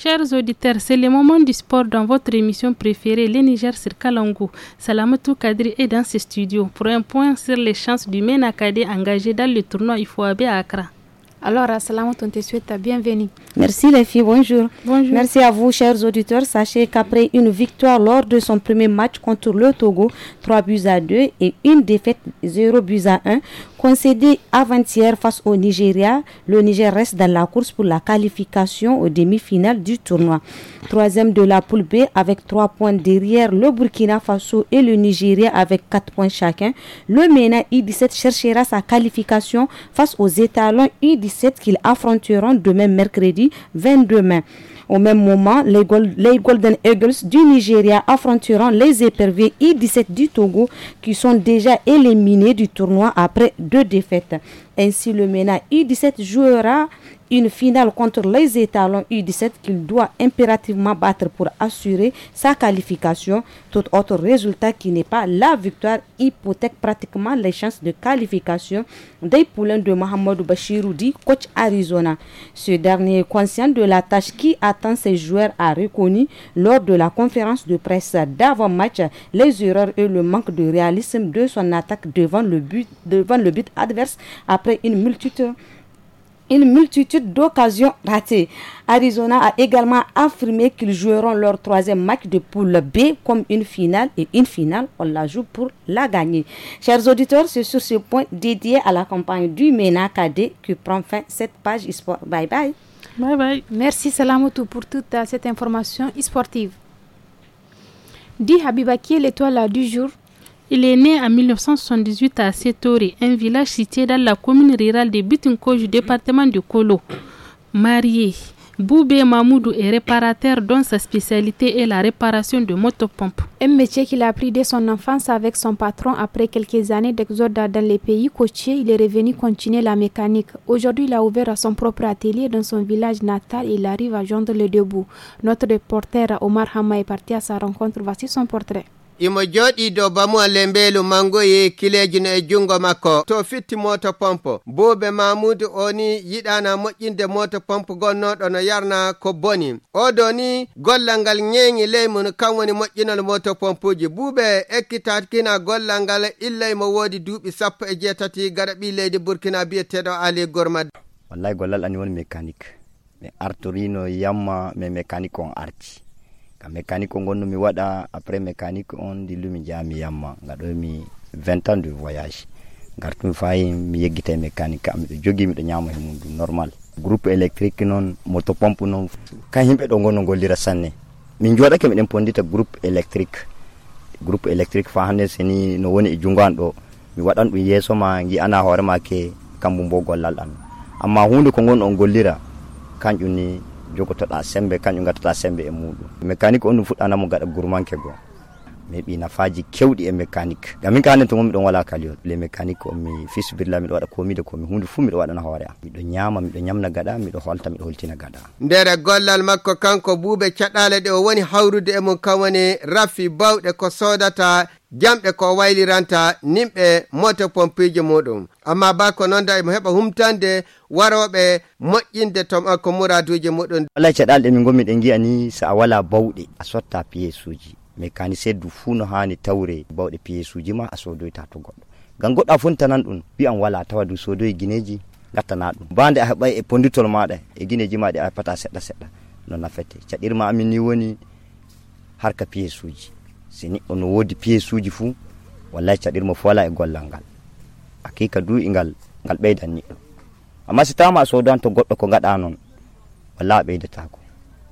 Chers auditeurs, c'est le moment du sport dans votre émission préférée, les Niger sur Kalangou. Salamatou Kadri est dans ses studios pour un point sur les chances du Ménakadé engagé dans le tournoi Ifoabé à Accra. Alors, à on te souhaite la bienvenue. Merci les filles, bonjour. bonjour. Merci à vous, chers auditeurs. Sachez qu'après une victoire lors de son premier match contre le Togo, 3 buts à 2 et une défaite 0 buts à 1, Concédé avant-hier face au Nigeria, le Niger reste dans la course pour la qualification aux demi-finales du tournoi. Troisième de la poule B avec trois points derrière le Burkina Faso et le Nigeria avec quatre points chacun. Le MENA i 17 cherchera sa qualification face aux étalons i 17 qu'ils affronteront demain mercredi 22 mai. Au même moment, les, Golden Eagles du Nigeria affronteront les éperviers I-17 du Togo qui sont déjà éliminés du tournoi après deux défaites. Ainsi, le MENA I-17 jouera une finale contre les étalons U17 qu'il doit impérativement battre pour assurer sa qualification. Tout autre résultat qui n'est pas la victoire hypothèque pratiquement les chances de qualification des poulains de Mohamed Bashiroudi, coach Arizona. Ce dernier, conscient de la tâche qui attend ses joueurs, a reconnu lors de la conférence de presse d'avant-match les erreurs et le manque de réalisme de son attaque devant le but, devant le but adverse après une multitude une multitude d'occasions ratées. Arizona a également affirmé qu'ils joueront leur troisième match de poule B comme une finale et une finale, on la joue pour la gagner. Chers auditeurs, c'est sur ce point dédié à la campagne du MENA que prend fin cette page e-sport. Bye bye. Bye bye. Merci Salamoutou pour toute euh, cette information e-sportive. Dit Habibaki l'étoile euh, du jour il est né en 1978 à Setori, un village situé dans la commune rurale de Butinko du département du Kolo. Marié, Boubé Mamoudou est réparateur dont sa spécialité est la réparation de motopompes. Un métier qu'il a appris dès son enfance avec son patron après quelques années d'exode dans les pays côtiers, il est revenu continuer la mécanique. Aujourd'hui, il a ouvert son propre atelier dans son village natal et il arrive à joindre le debout. Notre reporter Omar Hama est parti à sa rencontre. Voici son portrait. imo joɗi dow bamuwa lembelu mangoye kilejino e jungo makko to fitti moto pompe buɓe mamudu o ni yiɗana moƴƴinde moto pompe gonnoɗo no yarna ko boni o do ni gollal ngal ñeñi leymu no kam woni moƴƴinol moto pompe uji buɓe ekkitakina gollal ngal illaymo wodi duuɓi sappo e jeetati gaɗa ɓi leydi burkina biyeteɗo ali gormad wallay gollal ani woni mécanique mi artorino yamma mais mécanique on arti ka mécanique o gonno mi waɗa après mécanique on dillu mi jaha mi yamma gaɗo mi 20 ans de voyage gartumi fayi mi yeggita e mécanique kam miɗo jogui miɗo ñama e normal groupe électrique noon moto pompe noon kan yimɓe ɗo gonno gollira sanne min joɗake miɗen pondita groupe électrique groupe électrique fa hande seni no woni e jungo an ɗo mi waɗan ɗum yeeso ma gi'ana hoore ma ke kambu mbo gollal an amma hunde ko on gollira kanƴum ni jogotoɗa sembe kañum gaddata sembe e muɗum mécanique on ɗum fuɗɗanamo gaɗa gourmanke go mi na nafaji kewɗi e mécanique ngam min ka hannde to gon miɗon wala kali on le mécanique on mi fisbirla miɗo waɗa komide de komi hunde fuu miɗo waɗana hoore am miɗo ñaama miɗo ñamna gaɗa miɗo holta miɗo holtina gaɗa nder gollal makko kanko buuɓe caɗale ɗe o woni hawrude e mum kam raffi bawɗe ko sodata jamɗe ko wayliranta nimɓe moto pompiji muɗum amma ba ko nonda emo heɓa humtande waroɓe moƴƴinde to ko muraduji muɗum wallahi caɗalɗe min gommiɗen giya ni sa a wala bawɗe a sotta piyesuji mekani seddu fuu no hani tawre bawɗe piyesuji ma a sodoyta to goɗɗo ngam goɗɗo a fontanan ɗum mbiyan wala tawa du sodoye guineji gattana ɗum bande a heɓay e ponditol maɗa e guineji maɗi a heɓata seɗɗa seɗɗa no nafete caɗirma amin ni woni harka piyesuji si neɗɗo no woodi piyesuji fuu wallahi caɗirma fo wala e gollal ngal hakika du e ngal ɓeydan neɗɗo amma si tawama a sodan to goɗɗo ko gaɗa noon walla ɓeydatako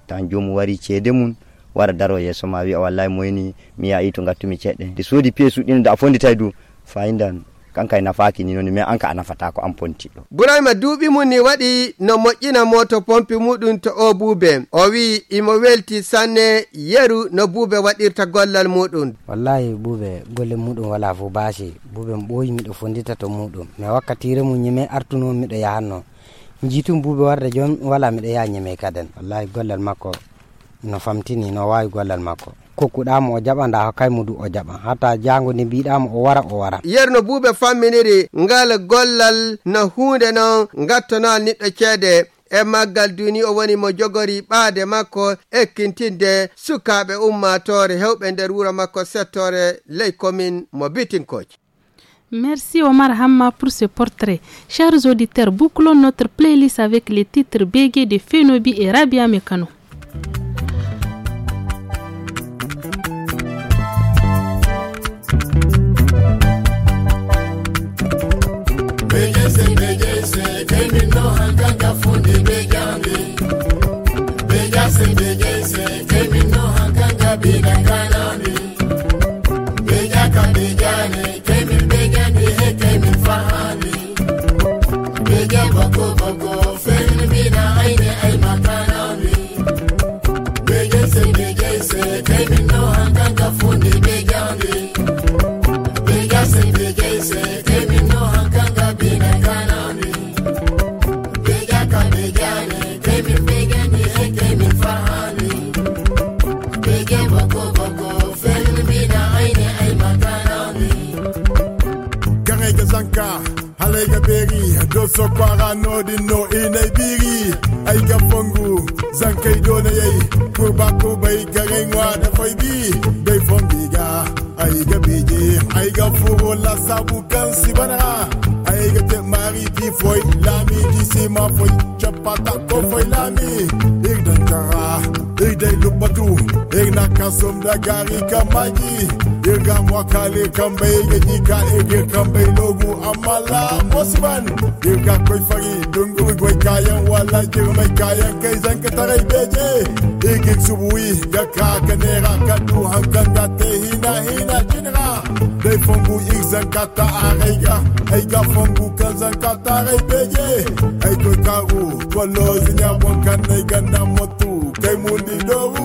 tan jomum wari ceede mum wara daro yeso ma wiya wallahi moyni mi yahi to gattumi ceɗɗe ɗi soodi piyesu ɗin da a fonditay du fayidan kanka e nafaki ni noon mais an ka a nafata ko an pontiɗo bourahima duuɓi mum ni waɗi no moƴƴina moto pompi muɗum to o buube o wi imo welti sanne yeru no buube waɗirta gollal muɗum wallahi buube golle muɗum wala fo baasi buube ɓooyi miɗo fondita to muɗum mais wakkatire mum ñeme artuno miɗo yahanno jiitum buube warde jon wala miɗo yaha ñeme kaden wallahi gollal makko no famtini no wawi gollal makko kokkuɗamo o jaɓa nda hokkay mudu o jaɓa hata jango nde mbiɗama o wara o wara yerno buuɓe famminiri ngal gollal no hunde noon gattonal niɗɗo ceede e maggal duni o woni mo jogori ɓaade makko ekkintinde sukaɓe ummatore hewɓe nder wuro makko settore ley commune mo bitinkoji Merci Omar Hamma pour ce portrait. Chers auditeurs, bouclons notre playlist avec les titres bégués de Fenobi et Rabia Mekano. begeze begeze kemino hanganga fundi begambi begase begeze kemino hanganga bidanganami bejaka bejane kemi bejani he kemi fahani beja boko boko femin bina aine ai makanami begeze begeze kemino hanganga fundi begambi begase begeze naiga beri doso kwara no dino inai biri aiga fongu zankai dona yayi kurba kurba iga rengwa da faibi bai fongiga aiga beje aiga furo la sabu kan sibana aiga te mari ti foi lami di sima foi chapata ko foi lami igdan jara Daidai lubbatu, ina kasum da gari kamaji. Irga wakale kambe yika ege kambe logo amala Osman. Irga koi fari dungu goi kayan wala jirmai kayan kai zan ka tarai beje. Igik subui ga ka kanera ka tu hankan te hina hina jinra. dai fongu igzan kata araiga aiga fongu kanzan kata arai bege ai koi kagu kwalo zinya bonkan ganda motu Kay mundi dowu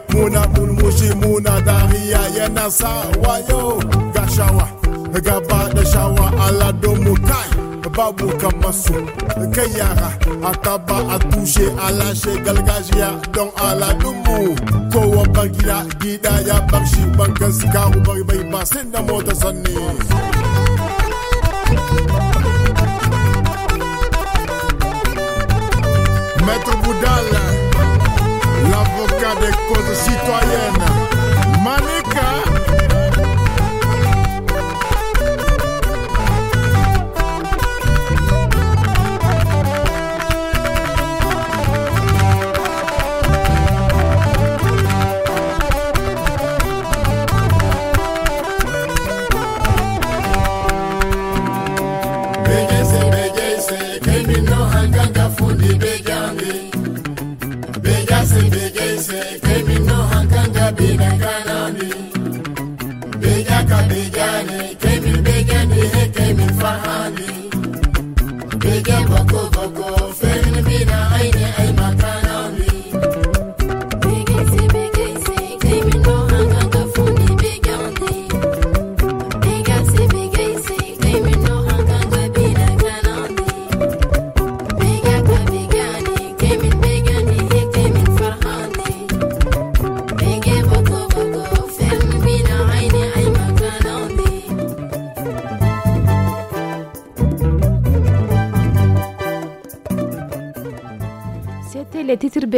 sawa yau ga shawa gaba da shawa alado mutai babu kamar su kai yara a a don aladunmu ko bar gida gida ya bar shi ban gaska ubar bai mota Maître Boudal, l'avocat des causes citoyennes, Mané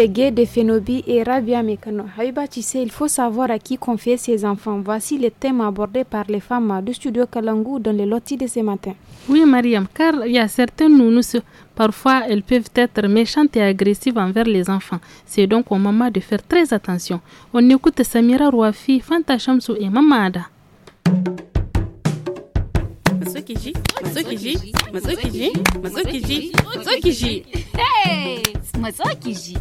gay de Phénobie et Rabia Mekano. Habiba il faut savoir à qui confier ses enfants. Voici les thèmes abordés par les femmes du studio Kalangu dans les lotis de ce matin. Oui, Mariam, car il y a certaines nounous, parfois elles peuvent être méchantes et agressives envers les enfants. C'est donc aux mamans de faire très attention. On écoute Samira Rouafi, Fanta Chamsou et Mamada. hey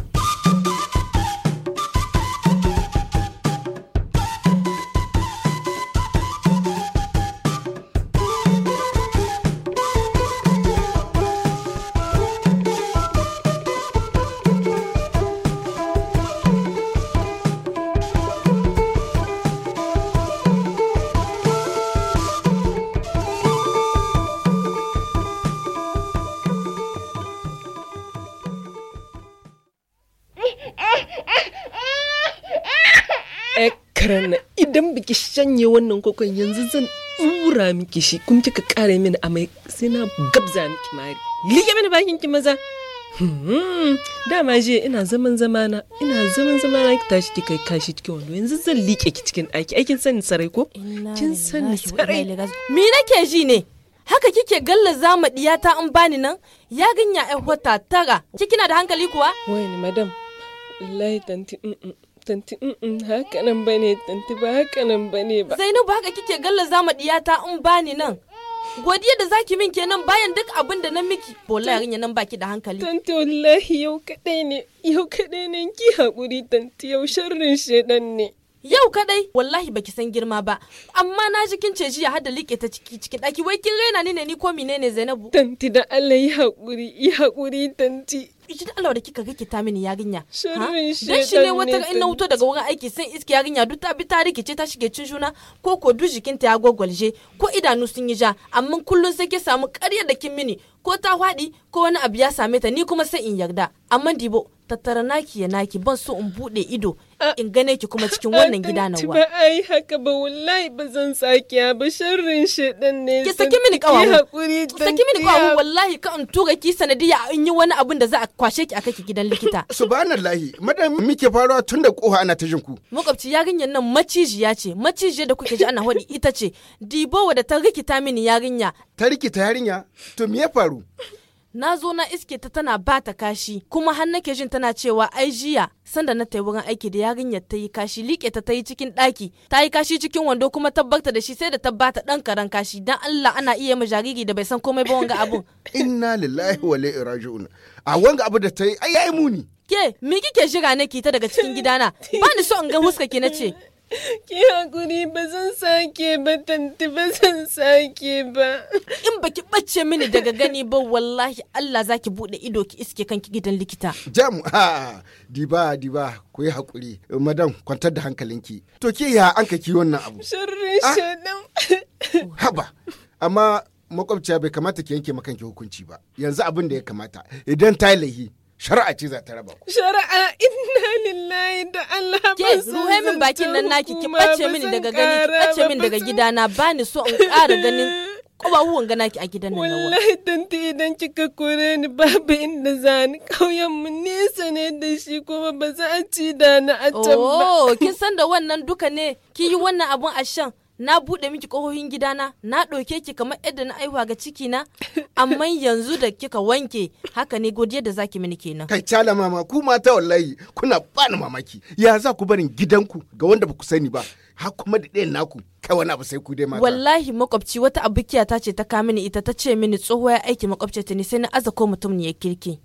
sanya wannan kokon yanzu zan tsura miki shi kuma kika kare mini amai sai na gabza miki mari liƙe mini bakin ki maza hmm, dama je ina zaman zamana ina zaman zamana ki tashi ki kai kashi cikin wando yanzu zan liƙe ki cikin ɗaki aikin sani sarai ko kin sani sarai me nake ji ne haka kike galla zama diyata an bani nan ya ganya ai wata tara kikina da hankali kuwa wai madam wallahi tanti mm, mm. tanti haka nan bane tanti ba haka nan bane ba Zainabu haka kike galla zama diyata in bani nan godiya da zaki min kenan bayan duk abin da na miki bola yarinya nan baki da hankali tanti wallahi yau kadai ne yau kadai ne ki hakuri tanti yau sharrin shedan ne yau kadai wallahi baki san girma ba amma na ji kin ce jiya hada like ta ciki cikin daki wai kin raina ni ne ni ko menene Zainabu tanti da Allah yi hakuri yi hakuri tanti kici Allah da kika ga ta mini yarinya dan shi ne wata in na wuto daga wurin aiki sun iske yarinya duk ta bi ta rikice ta shige cin juna ko ko duk ta ya gogwalje ko idanu sun yi ja amma kullun sai ke samu ƙarya da kin mini ko ta faɗi ko wani abu ya same ta ni kuma sai in yarda amma dibo tattara naki ya naki ban so in bude ido in gane ki kuma cikin wannan gida na wa. ai haka ba wallahi ba zan tsakiya ba sharrin dan ne. Ki saki mini kawawu. Ki saki mini kawawu wallahi ka in tura ki sanadiya in yi wani abin da za a kwashe ki a kai gidan likita. Subhanallahi madam muke farawa tun da koha ana ta jin ku. Makwabci yarinyar nan macijiya ce macijiya da kuke ji ana hodi ita ce dibowa da ta rikita mini yarinya. Ta rikita yarinya to me ya faru? na zo na iske ta tana ba ta kashi kuma har nake jin tana cewa ai jiya sanda na tai wurin aiki da yarinya ta yi kashi liƙe ta ta yi cikin ɗaki ta yi kashi cikin wando kuma tabbata da shi sai da tabbata ɗan karan kashi dan Allah ana iya ma jariri da bai san komai ba wanga abun inna lillahi wa la'i raji'un a wanga abu da ta yi ai muni ke me kike jira nake ta daga cikin gidana ba ni so in ga huska ki nace Ki hakuri ba zan sake ba tanti ba zan sake ba. In baki ɓace mini daga gani ba wallahi Allah zaki buɗe ido ki iske kanki gidan likita. Jam ha diba diba ku yi hakuri madam kwantar da hankalinki. To ke ya an ka wannan abu. Sharrin ah. shanan. Haba amma makwabciya bai kamata ki yanke makanki hukunci ba yanzu abin da ya kamata idan ta yi shari'a ce za ta raba ku. Shari'a inna lillahi da Allah ba san ruhe min bakin nan naki ki bace min daga gani ki bace min daga gidana ba ni so in ƙara ganin ƙubahuwan gana ki a gidan nan nawa. Wallahi tanti idan kika kore ni babu inda za ni ƙauyen mu nesa ne da shi kuma ba za a ci da na a can ba. Oh kin san da wannan duka ne ki yi wannan abun a shan. na buɗe miki ƙohohin gidana na ɗauke ki kamar yadda na aiwa ga ciki na amma yanzu da kika wanke haka ne godiya da zaki mini kenan kai cala mama ku mata wallahi kuna bani mamaki ya za ku barin gidanku ga wanda ba ku sani ba ha kuma da ɗayan naku kai wani abu sai ku dai mata wallahi makwabci wata abukiya ta ce ta ka mini ita ta ce mini tsohuwa ya aiki makwabci ta ne sai na aza ko mutum ne ya kirki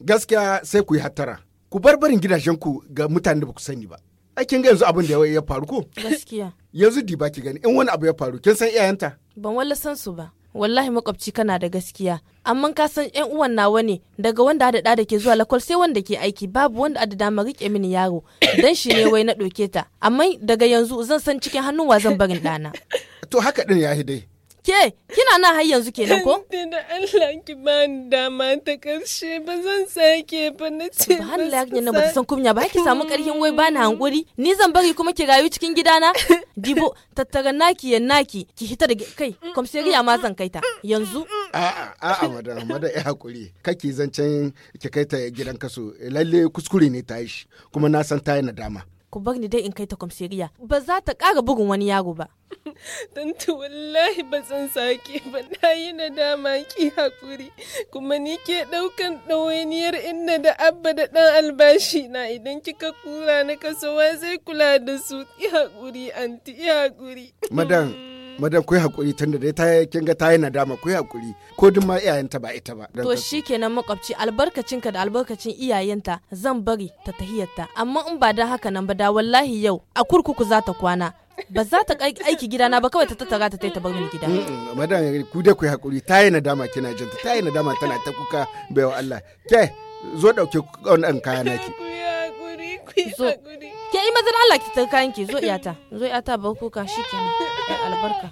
gaskiya sai ku yi hattara ku bar barin gidajenku ga mutanen da ba ku sani ba ga yanzu abin da ya faru ko gaskiya yanzu di ba ki gani in wani abu ya faru kin san iyayenta ban walla san su ba wallahi makwabci kana da gaskiya amma ka san yan uwan nawa ne daga wanda da da ke zuwa lakwal sai wanda ke aiki babu wanda da dama rike mini yaro dan shi ne wai na doke ta amma daga yanzu zan san cikin hannun wa zan barin dana to haka din ya dai Ke, kina nan har yanzu kenan ko? Da Allah ki ba ni dama ta karshe ba zan sake ba na ce. Ba Allah ya nan ba san kunya ba ki samu karhin wai bani hankuri. Ni zan bari kuma ki rayu cikin gidana. Dibo, tattara naki ya naki, ki hita da kai, riya ma zan kaita. Yanzu. A'a, a'a madam, ya eh, hakuri. Kake zancen ki kaita gidan kaso. Lalle kuskure ne ta yi shi. Kuma na san ta yi nadama. ku bar ni dai in kai ta kwamsiriya ba za ta ƙara bugun wani yaro ba. Tantu wallahi ba zan sake ba na yi nadama ki hakuri kuma ni ke ɗaukan ɗawainiyar inna da abba da ɗan albashi na idan kika kura na kasowa zai kula da su ki hakuri anti ki hakuri. Madan hmm. madam kuyi hakuri tun da ta kin ga ta yi nadama kuyi hakuri ko duk ma iyayenta ba ita ba to shikenan makwabci albarkacinka da albarkacin iyayenta zan bari ta tahiyarta amma in ba da haka nan ba da wallahi yau a kurkuku za ta kwana ba za ta aiki gidana ba kawai ta tattara ta ta bar mini gida. Madan ku da ku hakuri ta yi nadama kina jinta ta yi nadama tana ta kuka baiwa Allah. Ke zo dauke wannan kaya naki. zo ke yi mazan Allah ki ta kayan ki zo iyata zo iyata ba kuka shikenan albarka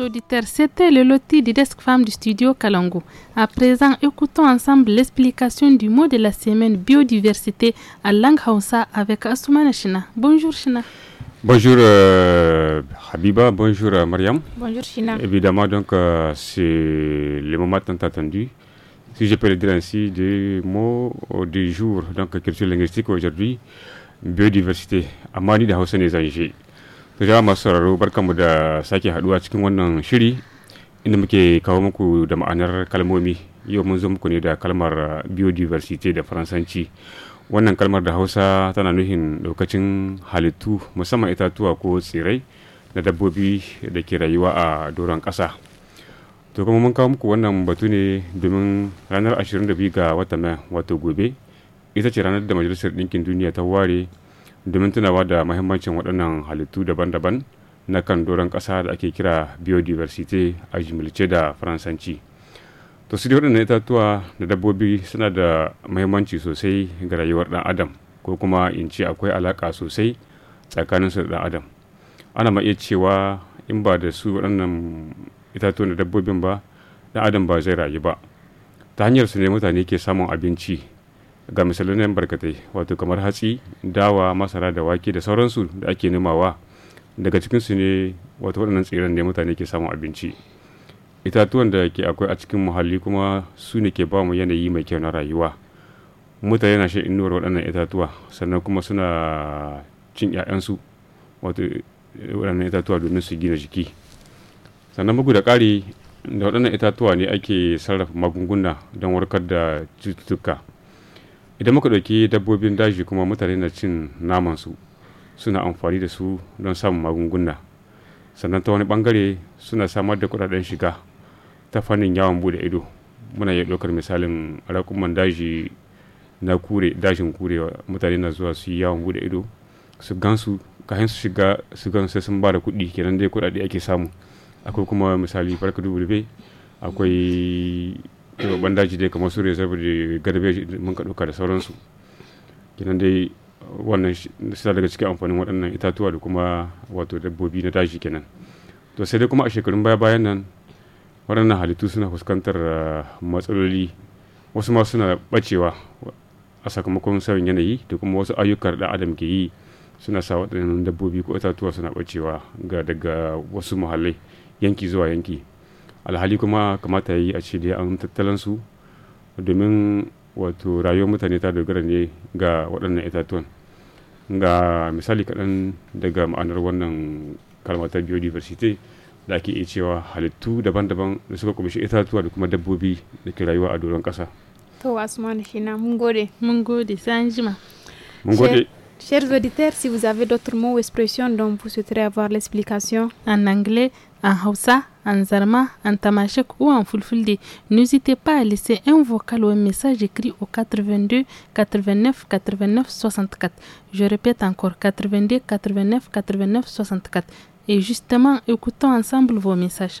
auditeurs, c'était le loti des Desk femmes du studio Kalango. À présent, écoutons ensemble l'explication du mot de la semaine biodiversité à langue Hausa avec Asumana China. Bonjour Shina. Bonjour euh, Habiba, bonjour euh, Mariam. Bonjour Shina. Évidemment, donc euh, c'est le moment tant attendu, si je peux le dire ainsi, des mots du jour, donc culture linguistique aujourd'hui, biodiversité, Amani de Hausa jama'a masu sauraro barkanmu da sake haduwa cikin wannan shiri inda muke kawo muku da ma'anar kalmomi yau mun zo muku ne da kalmar biodiversity da faransanci wannan kalmar da hausa tana nuhin lokacin halittu musamman itatuwa ko tsirai na dabbobi da ke rayuwa a doron ƙasa to kuma mun kawo muku wannan batu ne domin ranar 22 ga watan wato gobe ita ce ranar da majalisar ɗinkin duniya ta ware domin tunawa da mahimmancin waɗannan halittu daban-daban na kan doron ƙasa da ake kira biodiversity a jimilce da faransanci to su waɗannan itatuwa da dabbobi suna da mahimmanci sosai ga rayuwar ɗan adam ko kuma in ce akwai alaƙa sosai tsakanin su da ɗan adam ana ma iya cewa in ba da su waɗannan itatuwa da dabbobin ba ɗan adam ba zai rayu ba ta hanyar su ne mutane ke samun abinci ga misalin barkatai wato kamar hatsi dawa masara da wake da sauransu da ake numawa daga cikinsu ne wato waɗannan tsiran ne mutane ke samun abinci itatuwan da ke akwai a cikin muhalli kuma su ne ke ba mu yanayi mai kyau na rayuwa mutane na shan inuwar waɗannan itatuwa sannan kuma suna cin 'ya'yansu wato waɗannan itatuwa domin su gina jiki sannan bugu da ƙari da waɗannan itatuwa ne ake sarrafa magunguna don warkar da cututtuka idan muka ɗauki dabbobin daji kuma mutane na cin namansu suna amfani da su don samun magunguna sannan ta wani bangare suna samar da kudaden shiga ta fannin yawon bude ido muna iya ɗaukar misalin rakuman daji na kure dajin kure mutane na zuwa su yi yawon bude ido su gansu kahin su shiga su gan sai sun ba da kuɗi kenan dai kuɗaɗe ake samu akwai kuma misali farka dubulbe akwai babban daji dai kamar suriya saboda garbe mun ka da sauransu kenan dai wannan suna daga cikin amfanin waɗannan itatuwa da kuma wato dabbobi na daji kenan to sai dai kuma a shekarun baya bayan nan waɗannan halittu suna fuskantar ah, matsaloli wasu ma suna ɓacewa a sakamakon sauyin yanayi da kuma wasu ayyukan da adam ke yi suna sa waɗannan dabbobi ko itatuwa suna bacewa ga daga wasu muhallai yanki zuwa yanki alhali kuma kamata yi a ce dai an tattalin su domin wato rayuwar mutane ta dogara ne ga waɗannan itatuwan ga misali kaɗan daga ma'anar wannan kalmar ta biodiversity da ake iya cewa halittu daban-daban da suka kumshi itatuwa da kuma dabbobi da ke rayuwa a doron ƙasa to asmanu shi na mun gode mun gode sai mun gode Chers auditeurs, si vous avez d'autres mots ou expressions dont vous souhaiterez avoir l'explication en anglais, en Hausa, en Zarma, en Tamashek ou en Fulfulde, n'hésitez pas à laisser un vocal ou un message écrit au 82 89 89 64. Je répète encore 82 89 89 64. Et justement, écoutons ensemble vos messages.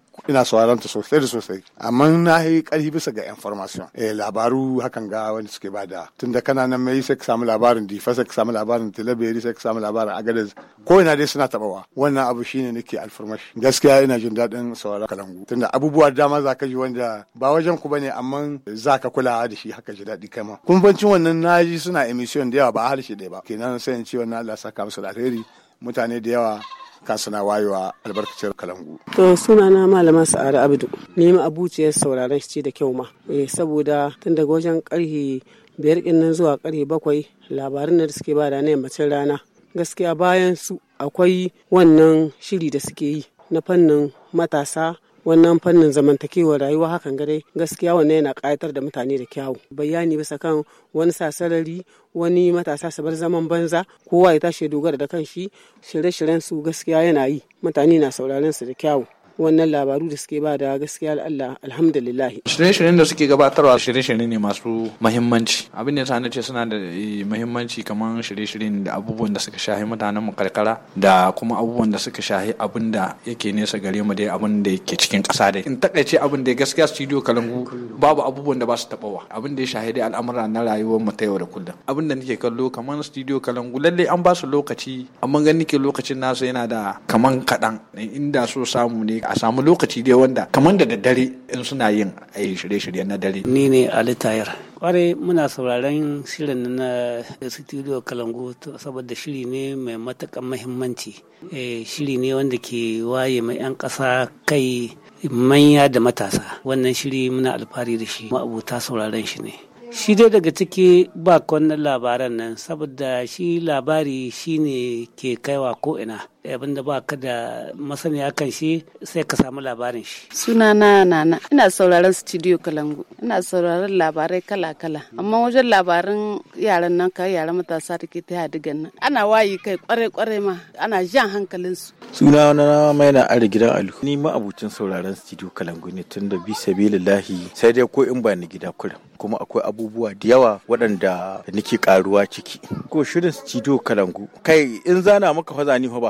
ina sauraron ta sosai da sosai amma na yi karfi bisa ga information eh labaru hakan ga wani suke bada tunda kana nan mai sai ka samu labarin di fa sai ka samu labarin tilaberi sai ka samu labarin agadez ko ina dai suna tabawa wannan abu shine nake alfarmashi gaskiya ina jin daɗin sauraron kalangu tunda abubuwa dama za ka ji wanda ba wajen ku bane amma za ka kula da shi haka ji daɗi kai ma kun bancin wannan naji suna emission da yawa ba harshe ɗaya ba kenan sai in ce wannan Allah saka musu alheri mutane da yawa kasana wayewa albarkacin kalangu. To suna na malama sa'ara abdu nema abuciyar sauraron shi da kyau ma eh, saboda tun daga wajen karhe biyar nan zuwa karhe bakwai labarin da suke bada na yammacin rana gaskiya bayan su akwai wannan shiri da suke yi na fannin matasa wannan fannin zamantakewa rayuwa hakan gadai gaskiya wannan yana ƙayatar da mutane da kyawu bayani bisa kan wani sasarari wani matasa su bar zaman banza kowa ya tashi dogara da kan shi shirye-shiryen su gaskiya yana yi mutane na sauraren su da kyawu wannan labaru da suke ba da gaskiya Allah alhamdulillah shirye-shiryen da suke gabatarwa shirye-shirye ne masu Muhimmanci abin da na ce suna da eh, muhimmanci kamar shirye-shiryen da abubuwan da suka shahi mutanen mu karkara da kuma abubuwan da suka shahi abin da yake nesa gare mu dai abin da yake cikin ƙasa dai in takaice abin da gaskiya studio kalangu babu abubuwan da ba su tabawa abin da ya shahi dai al'amura na rayuwar mu ta yau da kullum abin da nake kallo kamar studio kalangu lalle an ba su lokaci amma ganin nake lokacin nasu yana da kaman kaɗan eh, inda so samu ne a samu lokaci dai wanda kamar da daddare in suna yin a shirye-shirye na dare. Ni ne Ali Tayar. Kwarai muna sauraron shirin na studio Kalangu saboda shiri ne mai matakan mahimmanci. Eh, shiri ne wanda ke waye mai 'yan ƙasa kai manya da matasa. Wannan shiri muna alfahari da shi ma'abuta sauraron shi ne. shi dai daga ciki ba labaran nan saboda shi labari shi ne ke kaiwa ko'ina Eh, abin da ba ka da masaniya kan shi sai ka samu labarin shi. Sunana nana ina sauraron studio Kalangu ina sauraron labarai kala-kala amma wajen labarin yaran nan ka yaran matasa da ke ta hadigan nan ana wayi kai kwarai-kwarai ma ana jan hankalin su. Sunana mai na are gidan Alu ni ma abucin sauraron studio Kalangu ne tun da bi sabilillahi sai dai ko in ba ni gida kurin. kuma akwai abubuwa da yawa waɗanda nake karuwa ciki. Ko shirin studio Kalangu kai in zana maka fa zani fa ba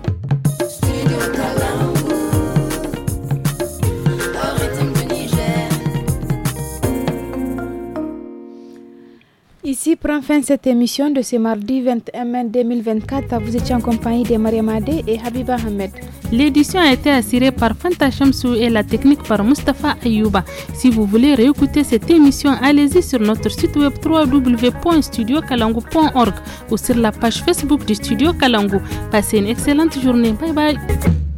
Ici prend fin cette émission de ce mardi 21 mai 2024. Vous étiez en compagnie de Maria et Habiba Ahmed. L'édition a été assurée par Fanta Shamsou et la technique par Mustafa Ayouba. Si vous voulez réécouter cette émission, allez-y sur notre site web www.studiokalangu.org ou sur la page Facebook du Studio Kalangu. Passez une excellente journée. Bye bye.